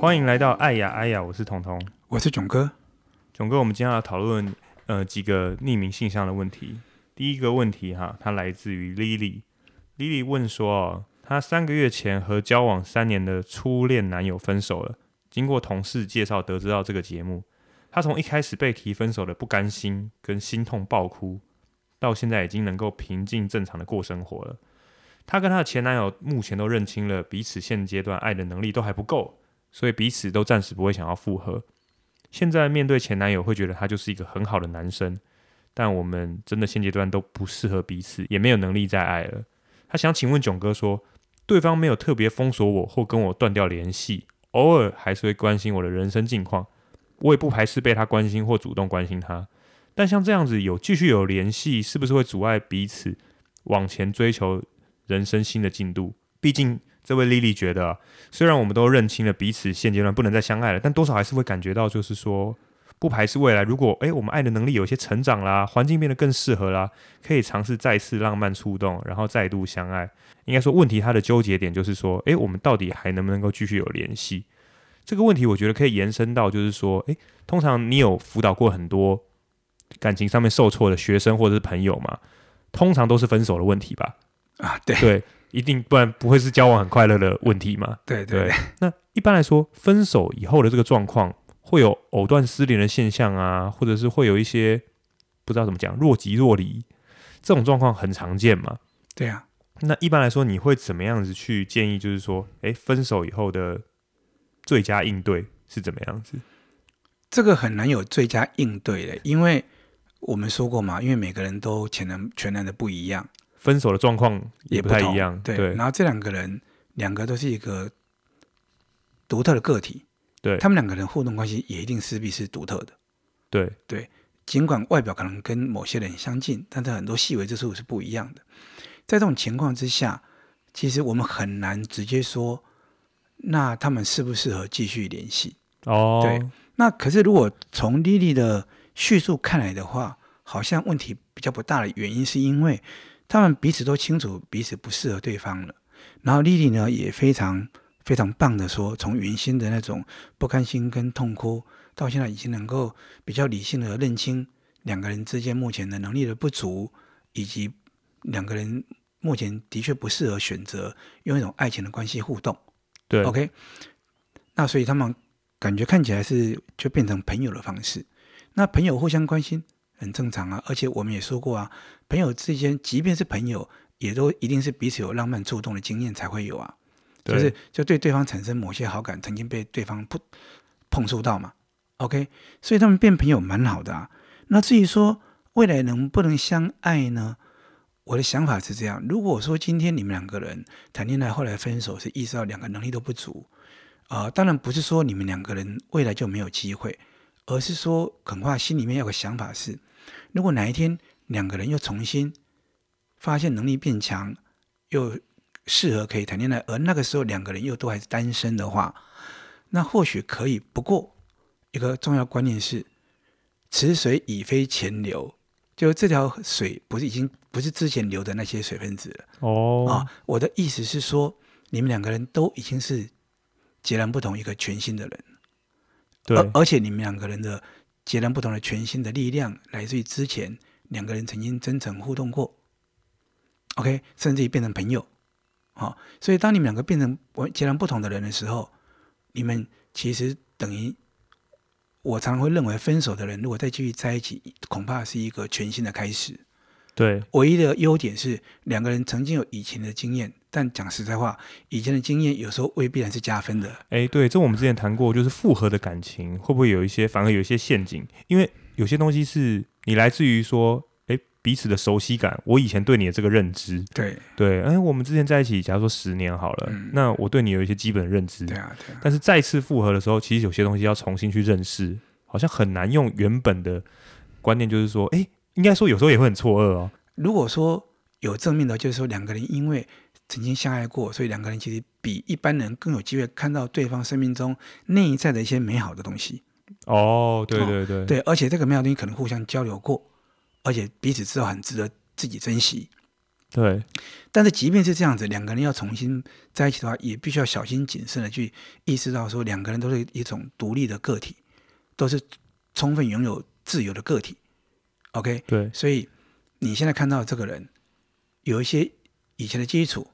歡迎來到愛雅愛雅，我是彤彤，我是囧哥。囧哥，我們今天要討論呃幾個匿名信箱的問題。第一個問題哈，它來自於 Lily，Lily Lily 問說哦，她三個月前和交往三年的初戀男友分手了，經過同事介紹，得知到這個節目。她從一開始被提分手的不甘心跟心痛爆哭，到現在已經能夠平靜正常的過生活了。她跟她的前男友目前都認清了彼此現階段愛的能力都還不夠，所以彼此都暫時不會想要復合。現在面對前男友會覺得他就是一個很好的男生，但我們真的現階段都不適合彼此，也沒有能力再愛了。她想請問囧哥說，對方沒有特別封鎖我或跟我斷掉聯繫，偶爾還是會關心我的人生近況。我也不排斥被他關心或主動關心他，但像這樣子有繼續有聯繫，是不是會阻礙彼此往前追求人生新的進度？畢竟這位莉莉覺得，雖然我們都認清了彼此現階段不能再相愛了，但多少還是會感覺到，就是說，不排斥未來，如果誒、欸、我們愛的能力有些成長啦，環境變得更適合啦，可以嘗試再次浪漫觸動，然後再度相愛。應該說，問題它的糾結點就是說、欸，誒我們到底還能不能夠繼續有聯繫？這個問題我覺得可以延伸到，就是說，誒，通常你有輔導過很多感情上面受挫的學生或者是朋友嗎？通常都是分手的問題吧？啊，對對，一定不然不會是交往很快樂的問題嘛？對對，對，對。那一般來說，分手以後的這個狀況會有藕斷絲連的現象啊，或者是會有一些不知道怎麼講，若即若離這種狀況很常見嘛？對啊，那一般來說，你會怎麼樣子去建議？就是說，誒，分手以後的。最佳應對是怎麼樣子？這個很難有最佳應對的，因為我們說過嘛，因為每個人都潛能、全然的不一樣，分手的狀況也不太一樣。對，對，然後這兩個人，兩個都是一個獨特的個體，對他們兩個人互動關係也一定勢必是獨特的。對對，儘管外表可能跟某些人相近，但是很多細微之處是不一樣的。在這種情況之下，其實我們很難直接說。那他們適不適合繼續聯繫？哦，Oh，對，那可是如果從莉莉的敘述看來的話，好像問題比較不大的原因，是因為他們彼此都清楚彼此不適合對方了。然後莉莉呢也非常非常棒的說，從原先的那種不甘心跟痛哭，到現在已經能夠比較理性的認清兩個人之間目前的能力的不足，以及兩個人目前的確不適合選擇用一種愛情的關係互動。對，OK，那所以他們感覺看起來是就變成朋友的方式，那朋友互相關心很正常啊，而且我們也說過啊，朋友之間，即便是朋友，也都一定是彼此有浪漫觸動的經驗才會有啊，就是就對對方產生某些好感，曾經被對方不碰觸到嘛，OK，所以他們變朋友蠻好的啊，那至於說未來能不能相愛呢？我的想法是這樣：如果說今天你們兩個人談戀愛，後來分手是意識到兩個能力都不足，啊、呃，當然不是說你們兩個人未來就沒有機會，而是說恐怕心裡面有個想法是，如果哪一天兩個人又重新發現能力變強，又適合可以談戀愛，而那個時候兩個人又都還是單身的話，那或許可以。不過一個重要觀念是，此水已非前流，就這條水不是已經。不是之前留的那些水分子了，oh. 哦啊！我的意思是說，你們兩個人都已經是截然不同一個全新的人，對，而而且你們兩個人的截然不同的全新的力量來自於之前兩個人曾經真誠互動過，OK，甚至於變成朋友，好，哦，所以當你們兩個變成截然不同的人的時候，你們其實等於我常會認為，分手的人如果再繼續在一起，恐怕是一個全新的開始。對，唯一的優點是兩個人曾經有以前的經驗，但講實在話，以前的經驗有時候未必然是加分的。哎，對，這我們之前談過，就是復合的感情會不會有一些反而有一些陷阱？因為有些東西是你來自於說，哎，彼此的熟悉感，我以前對你的這個認知，對對，哎，我們之前在一起，假如說十年好了，嗯，那我對你有一些基本的認知，對啊，對啊，但是再次復合的時候，其實有些東西要重新去認識，好像很難用原本的觀念，就是說，哎。應該說，有時候也會很錯愕哦。如果說有正面的，就是說兩個人因為曾經相愛過，所以兩個人其實比一般人更有機會看到對方生命中內在的一些美好的東西。哦，對對對，對，而且這個美好的東西可能互相交流過，而且彼此知道很值得自己珍惜。對，但是即便是這樣子，兩個人要重新在一起的話，也必須要小心謹慎的去意識到，說兩個人都是一種獨立的個體，都是充分擁有自由的個體。OK，對，所以你現在看到這個人有一些以前的基礎，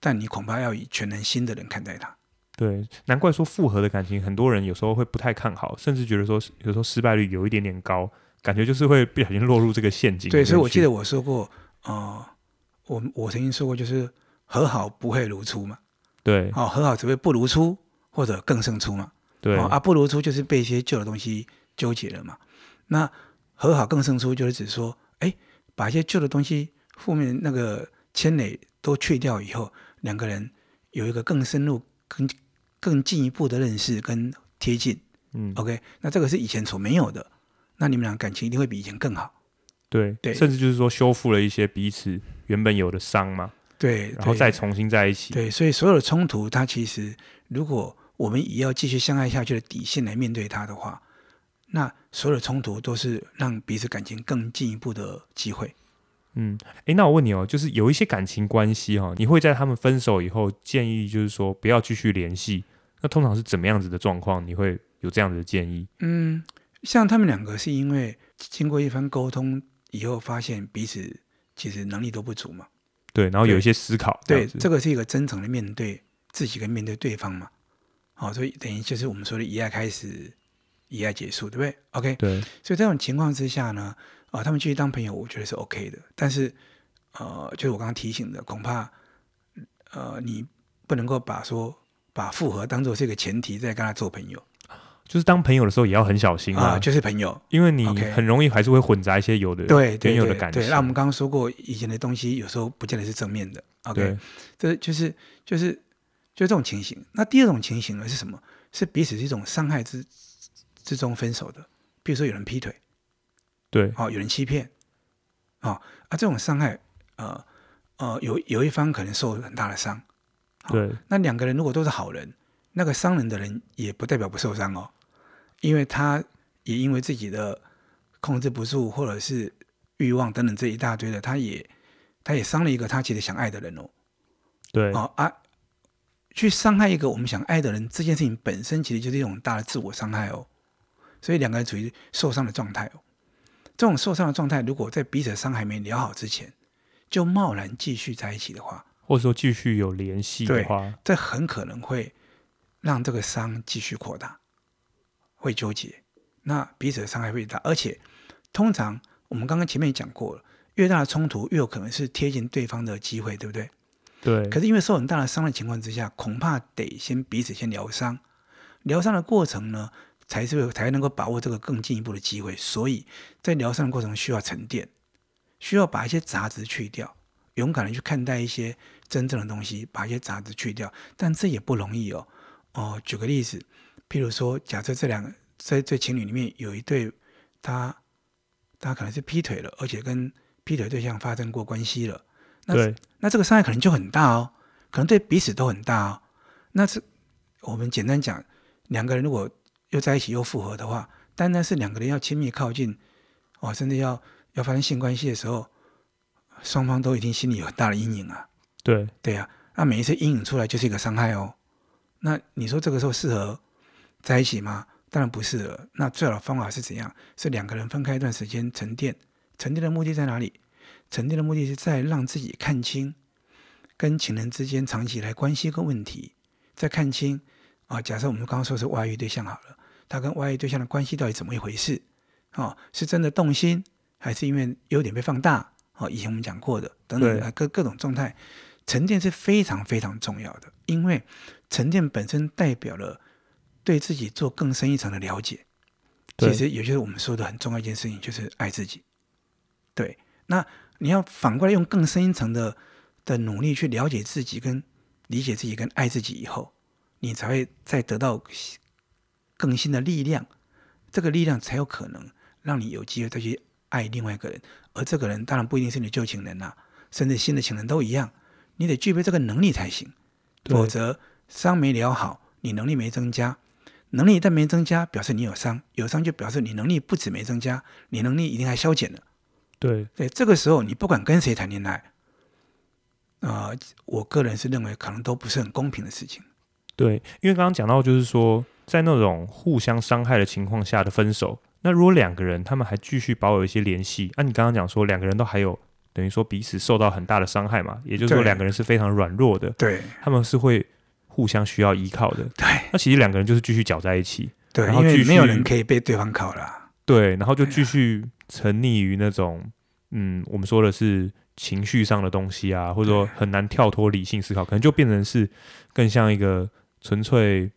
但你恐怕要以全能新的人看待他。對，難怪說複合的感情，很多人有時候會不太看好，甚至覺得說有時候失敗率有一點點高，感覺就是會不小心落入這個陷阱。對，所以我記得我說過，啊、呃，我我曾經說過，就是和好不會如初嘛。對，哦，和好只會不如初或者更勝初嘛。對，哦、啊，不如初就是被一些舊的東西糾結了嘛。那。和好更勝出，就是指說，哎、欸，把一些舊的東西、負面那個牽累都去掉以後，兩個人有一個更深入、更更進一步的認識跟貼近，嗯，OK，那這個是以前所沒有的，那你們倆感情一定會比以前更好，對對，甚至就是說修復了一些彼此原本有的傷嘛，對，然後再重新在一起，對，對所以所有的衝突，它其實如果我們也要繼續相愛下去的底線來面對它的話，那所有的衝突都是讓彼此感情更進一步的機會。嗯，誒，那我問你哦，就是有一些感情關係哈、哦，你會在他們分手以後建議，就是說不要繼續聯繫。那通常是怎麼樣子的狀況？你會有這樣子的建議？嗯，像他們兩個是因為經過一番溝通以後，發現彼此其實能力都不足嘛。對，然後有一些思考對。對，這個是一個真誠的面對自己跟面對對方嘛。好、哦，所以等於就是我們說的以愛開始。也要結束，對不對？OK，對。所以這種情況之下呢，啊、呃，他們繼續當朋友，我覺得是 OK 的。但是，呃，就是我剛剛提醒的，恐怕，呃，你不能夠把說把復合當做是一個前提，再跟他做朋友。就是當朋友的時候，也要很小心啊,啊。就是朋友，因為你很容易還是會混雜一些有的對原、okay. 有的對對對對感情。那我們剛剛說過，以前的東西有時候不見得是正面的。OK，這就是就是就這種情形。那第二種情形呢是什麼？是彼此是一種傷害之。最終分手的，比如說有人劈腿，對，哦，有人欺騙，哦，啊，這種傷害，呃呃，有有一方可能受很大的傷，哦，對。那兩個人如果都是好人，那個傷人的人也不代表不受傷哦，因為他也因為自己的控制不住，或者是慾望等等這一大堆的，他也他也傷了一個他其實想愛的人哦，對哦，啊啊，去傷害一個我們想愛的人這件事情本身其實就是一種大的自我傷害哦。所以兩個人處於受傷的狀態哦，這種受傷的狀態，如果在彼此的傷還沒療好之前，就貿然繼續在一起的話，或者說繼續有聯繫的話，對，這很可能會讓這個傷繼續擴大，會糾結，那彼此的傷害會大。而且，通常我們剛剛前面也講過了，越大的衝突越有可能是貼近對方的機會，對不對？對。可是因為受很大的傷的情況之下，恐怕得先彼此先療傷，療傷的過程呢？才是才能夠把握這個更進一步的機會，所以，在療傷的過程需要沉澱，需要把一些雜質去掉，勇敢的去看待一些真正的東西，把一些雜質去掉，但這也不容易哦。哦，舉個例子，譬如說，假設這兩在這情侶裡面有一對，他他可能是劈腿了，而且跟劈腿對象發生過關係了，那對那這個傷害可能就很大哦，可能對彼此都很大哦。那這我們簡單講，兩個人如果又在一起又複合的話，單單是兩個人要親密靠近，哦，甚至要要發生性關係的時候，雙方都已經心裡有很大的陰影了啊。對，對啊，那每一次陰影出來就是一個傷害哦。那你說這個時候適合在一起嗎？當然不適合。那最好的方法是怎樣？是兩個人分開一段時間沉澱。沉澱的目的在哪裡？沉澱的目的是在讓自己看清跟情人之間長期以來關係一個問題，再看清啊哦。假設我們剛剛說是外遇對象好了。他跟外遇對象的關係到底怎麼一回事？哦，是真的動心，還是因為優點被放大？哦，以前我們講過的，等等，各各種狀態。沉澱是非常非常重要的，因為沉澱本身代表了對自己做更深一層的了解。其實也就是我們說的很重要一件事情，就是愛自己。對，那你要反過來用更深一層的的努力去了解自己跟、跟理解自己、跟愛自己以後，你才會再得到更新的力量，這個力量才有可能讓你有機會再去愛另外一個人，而這個人當然不一定是你舊情人吶、啊，甚至新的情人都一樣。你得具備這個能力才行，否則傷沒療好，你能力沒增加，能力一旦沒增加，表示你有傷，有傷就表示你能力不止沒增加，你能力一定還消減了。對，所以這個時候你不管跟誰談戀愛，啊、呃，我個人是認為可能都不是很公平的事情。對，因為剛剛講到就是說。在那種互相傷害的情況下的分手，那如果兩個人他們還繼續保有一些聯繫，那、啊、你剛剛講說兩個人都還有等於說彼此受到很大的傷害嘛？也就是說兩個人是非常軟弱的，對，他們是會互相需要依靠的。對，那其實兩個人就是繼續攪在一起，對，因為沒有人可以被對方靠了。對，然後就繼續沉溺於那種嗯，我們說的是情緒上的東西啊，或者說很難跳脫理性思考，可能就變成是更像一個純粹。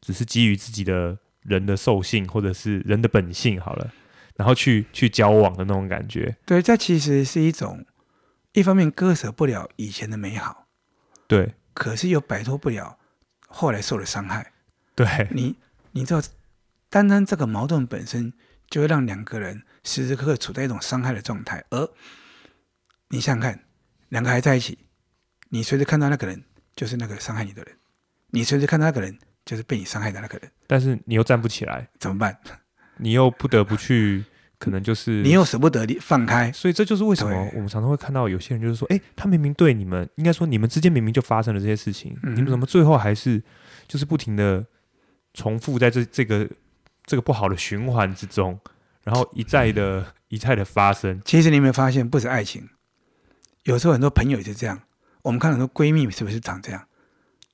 只是基於自己的人的獸性，或者是人的本性，好了，然後去去交往的那種感覺。對，這其實是一種，一方面割捨不了以前的美好，對，可是又擺脫不了後來受的傷害。對，你你知道，單單這個矛盾本身，就會讓兩個人時時刻刻處在一種傷害的狀態。而你想想看，兩個還在一起，你隨時看到那個人就是那個傷害你的人，你隨時看到那個人。就是被你傷害的那個人，但是你又站不起來，怎麼辦？你又不得不去， 可能就是你又捨不得你放開，所以這就是為什麼我們常常會看到有些人就是說，哎、欸，他明明對你們，應該說你們之間明明就發生了這些事情，嗯、你們怎麼最後還是就是不停的重複在這這個這個不好的循環之中，然後一再的 一再的發生。其實你有沒有發現，不止愛情，有時候很多朋友也是這樣。我們看很多閨蜜是不是長這樣，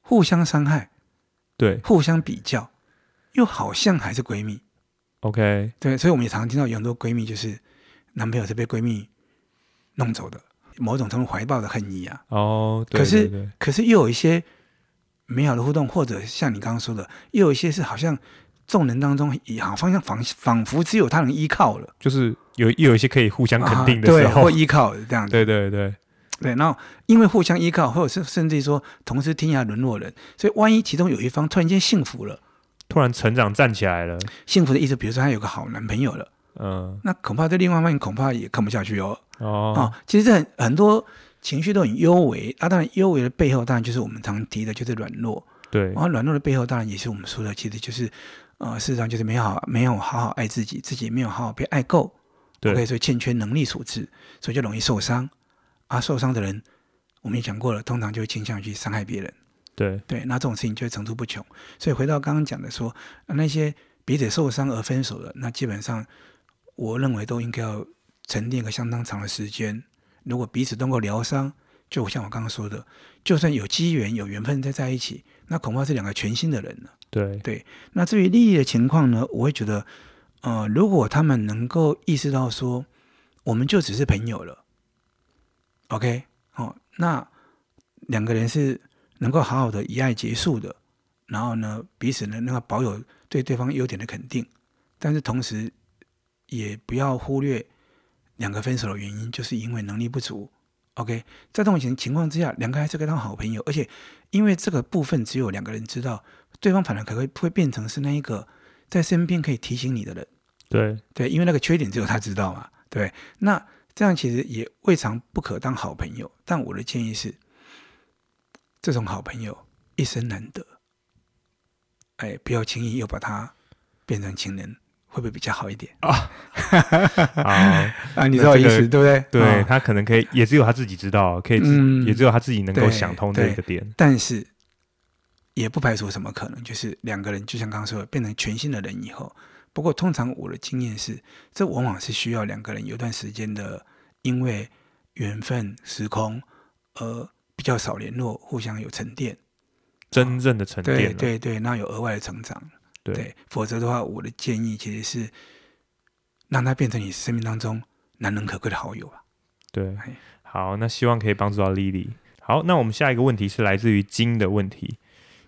互相傷害。對，互相比較，又好像還是閨蜜。OK，對，所以我們也常常聽到有很多閨蜜，就是男朋友是被閨蜜弄走的，某種程度懷抱的恨意啊。哦、oh，對，對，可是，可是又有一些美好的互動，或者像你剛剛說的，又有一些是好像眾人當中好方向，好像仿仿佛只有她能依靠了，就是有又有一些可以互相肯定的時候，啊，對，或依靠這樣。對對對。對，然後因為互相依靠，或者是甚至說同時天涯淪落人，所以萬一其中有一方突然間幸福了，突然成長站起來了，幸福的意思，比如說他有個好男朋友了，嗯，那恐怕這另外一方面恐怕也看不下去哦。哦，哦，其實這很很多情緒都很幽微，啊。當然幽微的背後，當然就是我們常提的，就是軟弱。對，然後軟弱的背後，當然也是我們說的，其實就是，呃，事實上就是沒有好沒有好好愛自己，自己也沒有好好被愛夠，對，okay, 所以欠缺能力所致，所以就容易受傷。啊，受傷的人，我們也講過了，通常就傾向去傷害別人。對對，那這種事情就會層出不窮。所以回到剛剛講的說，說那些彼此受傷而分手的，那基本上我認為都應該要沉澱個相當長的時間。如果彼此都能夠療傷，就像我剛剛說的，就算有機緣、有緣分再在一起，那恐怕是兩個全新的人了。對對，那至於利益的情況呢，我會覺得，呃，如果他們能夠意識到說，我們就只是朋友了。OK，哦，那兩個人是能夠好好的以愛結束的，然後呢，彼此呢能夠、那個、保有對對方優點的肯定，但是同時也不要忽略兩個分手的原因，就是因為能力不足。OK，在這種情情況之下，兩個還是可以當好朋友，而且因為這個部分只有兩個人知道，對方反而可能會會變成是那一個在身邊可以提醒你的人。對對，因為那個缺點只有他知道嘛。對，那。這樣其實也未嘗不可當好朋友，但我的建議是，這種好朋友一生難得，哎，不要輕易又把他變成情人，會不會比較好一點？啊、哦 哦、啊！你知道意思、這個、對不對？對、哦、他可能可以，也只有他自己知道，可以只、嗯、也只有他自己能夠想通這個點。但是也不排除什麼可能，就是兩個人就像剛剛說的，變成全新的人以後。不過，通常我的經驗是，這往往是需要兩個人有一段時間的，因為緣分、時空，呃，比較少聯絡，互相有沉澱，真正的沉澱。對對對，那有額外的成長。對，對否則的話，我的建議其實是，讓他變成你生命當中難能可貴的好友吧、啊。對，好，那希望可以幫助到 Lily。好，那我們下一個問題是來自於金的問題。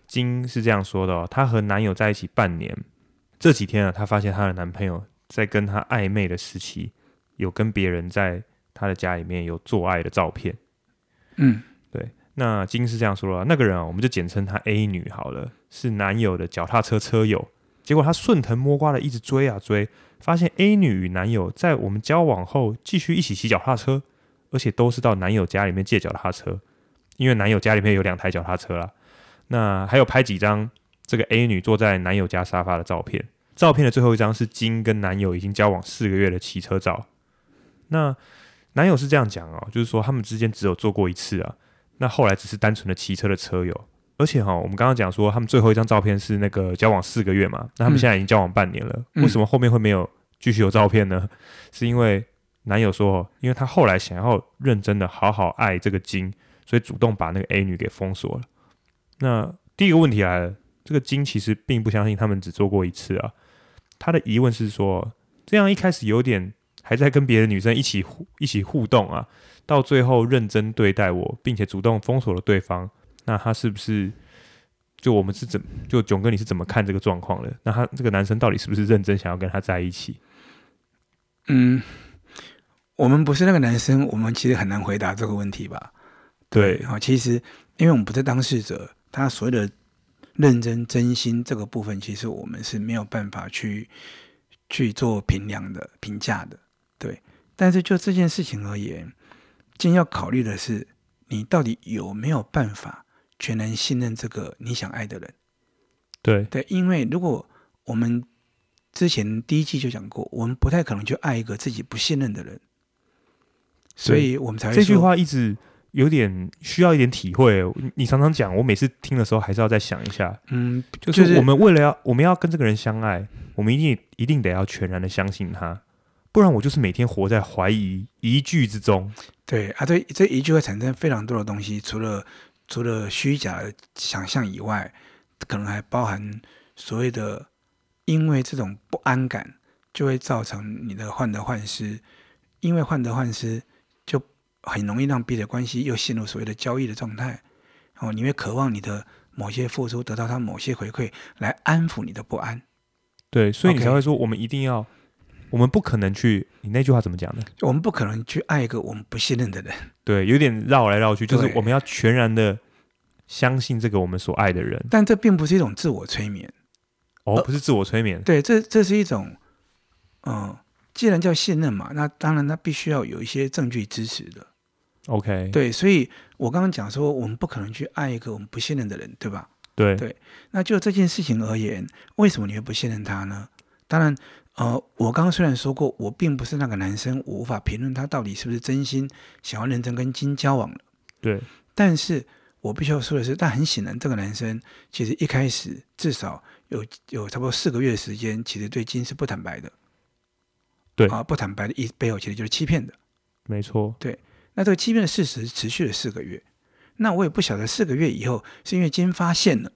金是這樣說的、哦，她和男友在一起半年。這幾天啊，她發現她的男朋友在跟她曖昧的時期，有跟別人在她的家裡面有做愛的照片。嗯，對。那金是這樣說的啊，那個人啊，我們就簡稱她 A 女好了，是男友的腳踏車車友。結果她順藤摸瓜的一直追啊追，發現 A 女與男友在我們交往後繼續一起騎腳踏車，而且都是到男友家裡面借腳踏車，因為男友家裡面有兩台腳踏車啦。那還有拍幾張。這個 A 女坐在男友家沙發的照片，照片的最後一張是金跟男友已經交往四個月的騎車照。那男友是這樣講哦，就是說他們之間只有做過一次啊，那後來只是單純的騎車的車友。而且哈、哦，我們剛剛講說他們最後一張照片是那個交往四個月嘛，那他們現在已經交往半年了，嗯、為什麼後面會沒有繼續有照片呢、嗯？是因為男友說，因為他後來想要認真的好好愛這個金，所以主動把那個 A 女給封鎖了。那第一個問題來了。這個金其實並不相信他們只做過一次啊，他的疑問是說，這樣一開始有點還在跟別的女生一起一起互動啊，到最後認真對待我，並且主動封鎖了對方，那他是不是，就我們是怎，就囧哥你是怎麼看這個狀況的？那他這個男生到底是不是認真想要跟他在一起？嗯，我們不是那個男生，我們其實很難回答這個問題吧？對啊，其實因為我們不是當事者，他所謂的。認真、真心這個部分，其實我們是沒有辦法去去做評量的、評價的，對。但是就這件事情而言，盡要考慮的是，你到底有沒有辦法全然信任這個你想愛的人？對對，因為如果我們之前第一季就講過，我們不太可能去愛一個自己不信任的人，所以我們才會這句話一直。有點需要一點體會。你常常講，我每次聽的時候還是要再想一下。嗯，就是、就是、我們為了要我們要跟這個人相愛，我們一定一定得要全然的相信他，不然我就是每天活在懷疑疑懼之中。對啊對，對這一句會產生非常多的東西，除了除了虛假的想象以外，可能還包含所謂的因為這種不安感就會造成你的患得患失，因為患得患失。很容易讓彼此關係又陷入所謂的交易的狀態。哦，你會渴望你的某些付出得到他某些回饋，來安撫你的不安。對，所以你才會說、okay. 我們一定要，我們不可能去。你那句話怎麼講呢？我們不可能去愛一個我們不信任的人。對，有點繞來繞去，就是我們要全然的相信這個我們所愛的人。對，但這並不是一種自我催眠。哦，不是自我催眠。呃、對，這這是一種，嗯、呃，既然叫信任嘛，那當然他必須要有一些證據支持的。OK，對，所以我剛剛講說，我們不可能去愛一個我們不信任的人，對吧？對，對，那就這件事情而言，為什麼你會不信任他呢？當然，呃，我剛剛雖然說過，我並不是那個男生，我無法評論他到底是不是真心想要認真跟金交往。對，但是我必須要說的是，但很顯然，這個男生其實一開始至少有有差不多四個月時間，其實對金是不坦白的。對啊，呃，不坦白的意思背後其實就是欺騙的。沒錯。對。那這個欺騙的事實持續了四個月，那我也不曉得四個月以後是因為金發現了，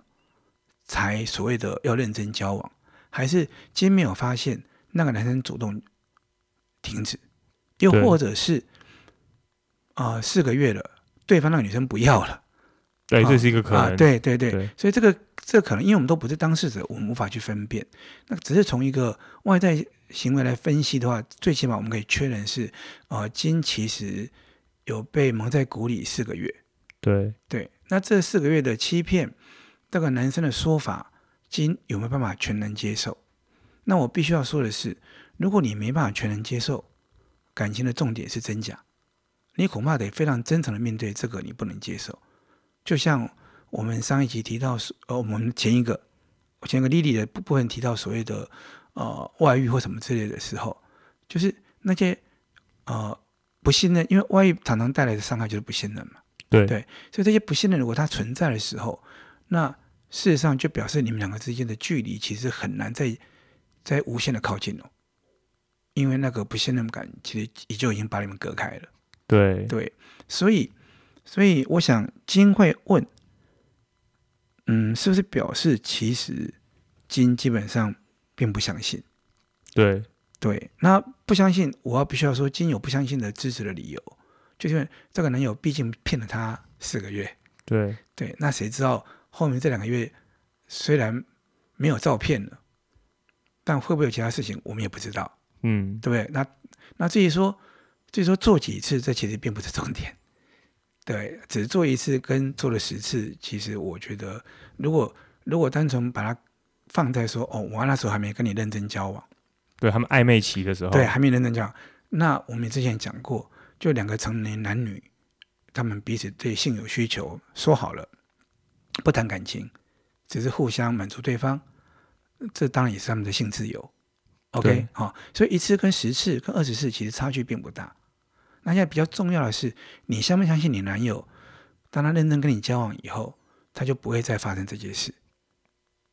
才所謂的要認真交往，還是金沒有發現，那個男生主動停止，又或者是啊呃、四個月了，對方那個女生不要了，對，呃、這是一個可能，呃、對對對，對，所以這個這個可能因為我們都不是當事者，我們無法去分辨。那只是從一個外在行為來分析的話，最起碼我們可以確認是，呃，金其實有被蒙在鼓裡四個月，對對，那這四個月的欺騙，這、那個男生的說法，今有沒有辦法全能接受？那我必須要說的是，如果你沒辦法全能接受，感情的重點是真假，你恐怕得非常真誠的面對這個，你不能接受。就像我們上一集提到，呃，我們前一個，前一個 Lily 的部分提到所謂的呃外遇或什麼之類的時候，就是那些呃。不信任，因為外遇常常帶來的傷害就是不信任嘛。對對，所以這些不信任如果它存在的時候，那事實上就表示你們兩個之間的距離其實很難再再無限的靠近了，哦，因為那個不信任感其實也就已經把你們隔開了。對對，所以所以我想金會問，嗯，是不是表示其實金基本上並不相信？對。對，那不相信，我要必須要說，今有不相信的支持的理由，就是因為這個男友畢竟騙了她四個月，對對，那誰知道後面這兩個月，雖然沒有照片了，但會不會有其他事情，我們也不知道，嗯，對不對？那那至於說，至於說做幾次，這其實並不是重點，對，只做一次跟做了十次，其實我覺得，如果如果單純把它放在說，哦，我那時候還沒跟你認真交往。對，他們曖昧期的時候，對，還沒認真講。那我們之前講過，就兩個成年男女，他們彼此對性有需求，說好了不談感情，只是互相滿足對方，這當然也是他們的性自由。OK，好，哦，所以一次跟十次跟二十次其實差距並不大。那現在比較重要的是，你相不相信你男友，當他認真跟你交往以後，他就不會再發生這件事？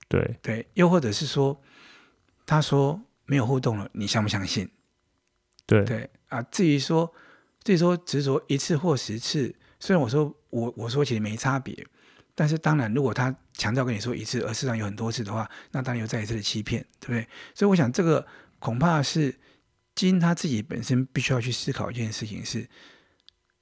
對對，又或者是說，他說。沒有互動了，你相不相信？對對啊，至於說至於說只說一次或十次，雖然我說我我說其實沒差別，但是當然，如果他強調跟你說一次，而事實上有很多次的話，那當然又再一次的欺騙，對不對？所以我想這個恐怕是基因，他自己本身必須要去思考一件事情是：是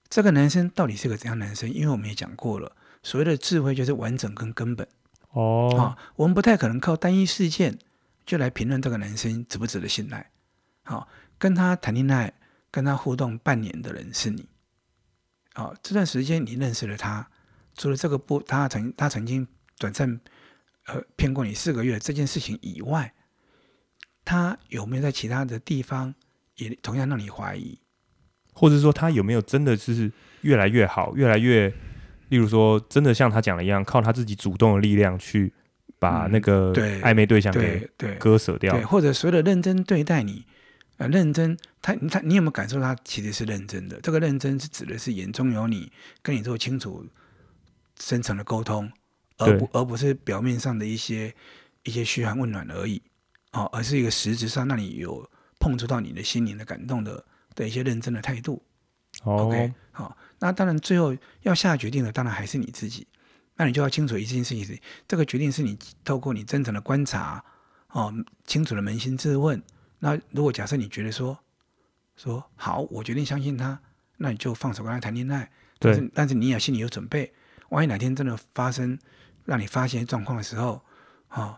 這個男生到底是個怎樣男生？因為我們也講過了，所謂的智慧就是完整跟根本哦、啊、我們不太可能靠單一事件。就來評論這個男生值不值得信賴？好、哦，跟他談戀愛、跟他互動半年的人是你。好、哦，這段時間你認識了他，除了這個不，他曾他曾經短暫呃騙過你四個月這件事情以外，他有沒有在其他的地方也同樣讓你懷疑？或者說，他有沒有真的是越來越好，越來越？例如說，真的像他講的一樣，靠他自己主動的力量去？把那個曖昧對象給、嗯、對對割捨掉，或者所謂的認真對待你，呃，認真他他你有沒有感受他其實是認真的？這個認真是指的是眼中有你，跟你做清楚深層的溝通，而不而不是表面上的一些一些噓寒問暖而已哦，而是一個實質上讓你有碰觸到你的心靈的感動的的一些認真的態度。哦、OK，好、哦，那當然最後要下決定的當然還是你自己。那你就要清楚一件事情，這個決定是你透過你真誠的觀察，哦，清楚的捫心自問。那如果假設你覺得說，說好，我決定相信他，那你就放手跟他談戀愛。對，但是你也心裡有準備，萬一哪天真的發生讓你發現狀況的時候，啊、哦，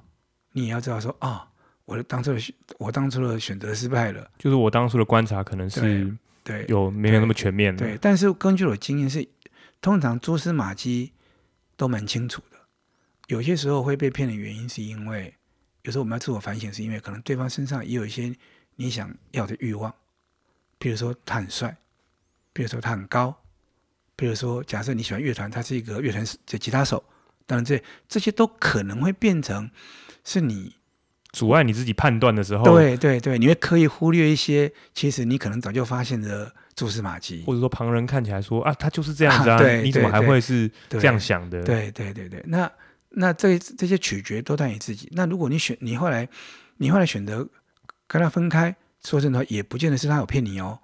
你也要知道說啊、哦，我的當初的選我當初的選擇失敗了，就是我當初的觀察可能是對有沒有那麼全面的。對，對對對，但是根據我的經驗是，通常蛛絲馬跡。都蠻清楚的。有些時候會被騙的原因，是因為有時候我們要自我反省，是因為可能對方身上也有一些你想要的慾望。比如說他很帥，比如說他很高，比如說假設你喜歡樂團，他是一個樂團的吉他手，當然這這些都可能會變成是你。阻礙你自己判斷的時候，對對對，你會刻意忽略一些其實你可能早就發現的蛛絲馬跡，或者說旁人看起來說啊，他就是這樣子，啊啊對對對對，你怎麼還會是這樣想的？對對對對，對，那那這這些取決都在你自己。那如果你選，你後來你後來選擇跟他分開，說真的話，也不見得是他有騙你哦，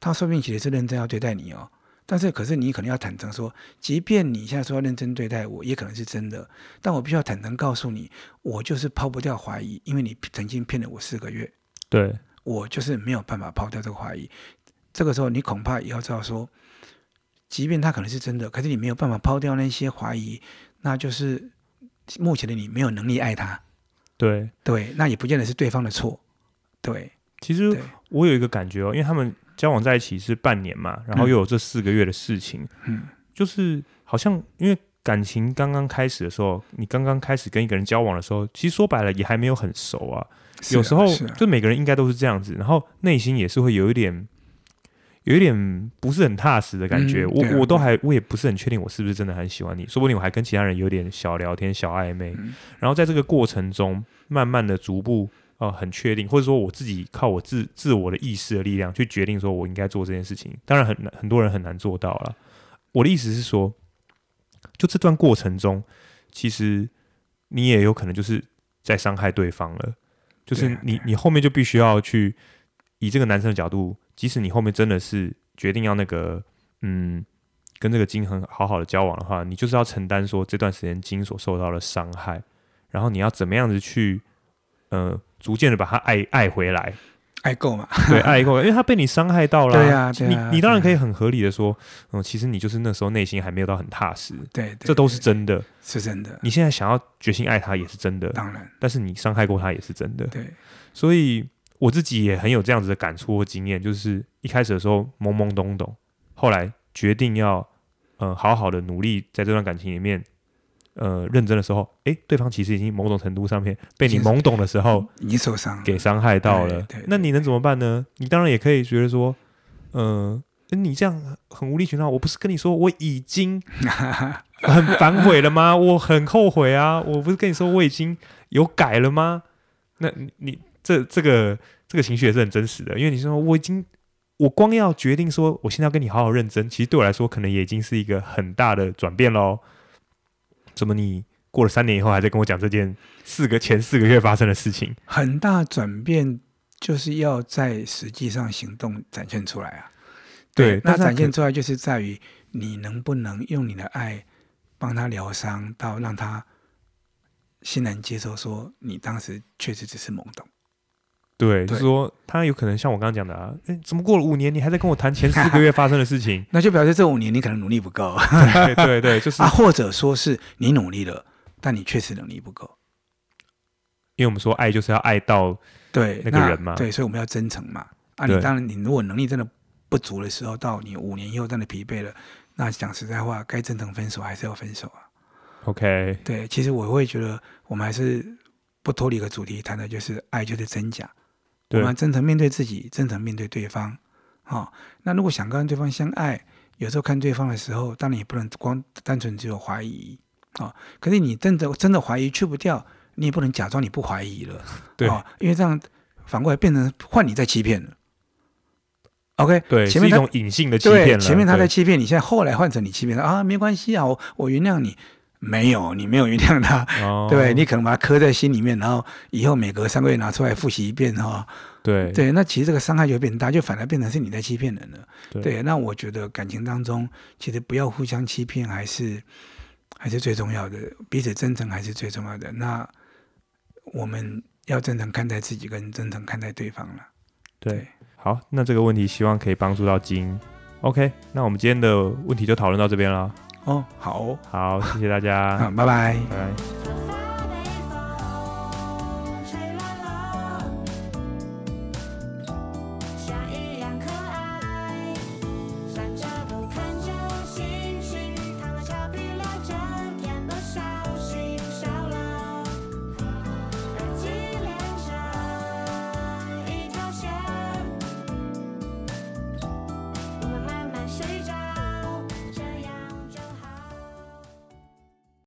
他說不定其實是認真要對待你哦。但是，可是你可能要坦誠說，即便你現在說要認真對待我，也可能是真的。但我必須要坦誠告訴你，我就是拋不掉懷疑，因為你曾經騙了我四個月。對，我就是沒有辦法拋掉這個懷疑。這個時候，你恐怕也要知道說，即便他可能是真的，可是你沒有辦法拋掉那些懷疑，那就是目前的你沒有能力愛他。對對，那也不見得是對方的錯。對，其實我有一個感覺哦，因為他們。交往在一起是半年嘛，然後又有這四個月的事情，嗯，就是好像因為感情剛剛開始的時候，你剛剛開始跟一個人交往的時候，其實說白了也還沒有很熟啊。啊有時候，就每個人應該都是這樣子，啊，然後內心也是會有一點，有一點不是很踏實的感覺。嗯、我、啊、我都還，我也不是很確定我是不是真的很喜歡你。說不定我還跟其他人有點小聊天，小曖昧。嗯、然後在這個過程中，慢慢的逐步。哦、呃，很確定，或者說我自己靠我自自我的意識的力量去決定，說我應該做這件事情。當然很難，很多人很難做到了。我的意思是說，就這段過程中，其實你也有可能就是在傷害對方了。就是你，你後面就必須要去以這個男生的角度，即使你後面真的是決定要那個，嗯，跟這個金很好好的交往的話，你就是要承擔說，這段時間金所受到的傷害，然後你要怎麼樣子去，嗯、呃。逐漸的把他愛愛回來，愛夠嘛？對，愛夠，因為他被你傷害到了。 對呀、對啊、對啊，你你當然可以很合理的說，嗯,嗯，其實你就是那時候內心還沒有到很踏實。對,對，對這都是真的，是真的。你現在想要決心愛他也是真的，當然，但是你傷害過他也是真的。對，所以我自己也很有這樣子的感觸和經驗，就是一開始的時候懵懵懂懂，後來決定要嗯好好的努力在這段感情裡面。呃，認真的時候，哎、欸，對方其實已經某種程度上面被你懵懂的時候，你受傷給傷害到了。你了對對對對對對。那你能怎麼辦呢？你當然也可以覺得說，嗯、呃，你這樣很無理取鬧。我不是跟你說我已經很反悔了嗎？我很後悔啊！我不是跟你說我已經有改了嗎？那你這這個這個情緒也是很真實的，因為你說我已經，我光要決定說我現在要跟你好好認真，其實對我來說可能也已經是一個很大的轉變嘍。怎麼？你過了三年以後還在跟我講這件四個前四個月發生的事情？很大轉變就是要在實際上行動展現出來啊，對！對，那展現出來就是在於你能不能用你的愛幫他療傷，到讓他欣然接受，說你當時確實只是懵懂。對，就是說他有可能像我剛剛講的啊，哎，怎麼過了五年你還在跟我談前四個月發生的事情？ 那就表示這五年你可能努力不夠。 對對，對，就是啊，或者說是你努力了，但你確實能力不夠，因為我們說愛就是要愛到對那，那個人嘛，對，所以我們要真誠嘛。啊，你當然你如果能力真的不足的時候，到你五年以後真的疲憊了，那講實在話，該真誠分手還是要分手啊。OK，對，其實我會覺得我們還是不脫離個主題談的，就是愛就是真假。對，我們真誠面對自己，真誠面對對方，啊、哦，那如果想跟對方相愛，有時候看對方的時候，當然也不能光單純只有懷疑，啊、哦，可是你真的真的懷疑去不掉，你也不能假裝你不懷疑了，對、哦，因為這樣反過來變成換你在欺騙了，OK，對前面，是一種隱性的欺騙，前面他在欺騙你，你現在後來換成你欺騙他啊，沒關係啊，我我原諒你。沒有，你沒有原諒他，哦、 對，你可能把它刻在心裡面，然後以後每隔三個月拿出來複習一遍，哈、哦，對對，那其實這個傷害就變大，就反而變成是你在欺騙人了。對，對，那我覺得感情當中，其實不要互相欺騙，還是還是最重要的，彼此真誠還是最重要的。那我們要真誠看待自己，跟真誠看待對方了。對，對，好，那這個問題希望可以幫助到金。OK，那我們今天的問題就討論到這邊了。哦，好哦好，謝謝大家， 嗯、拜拜，拜拜。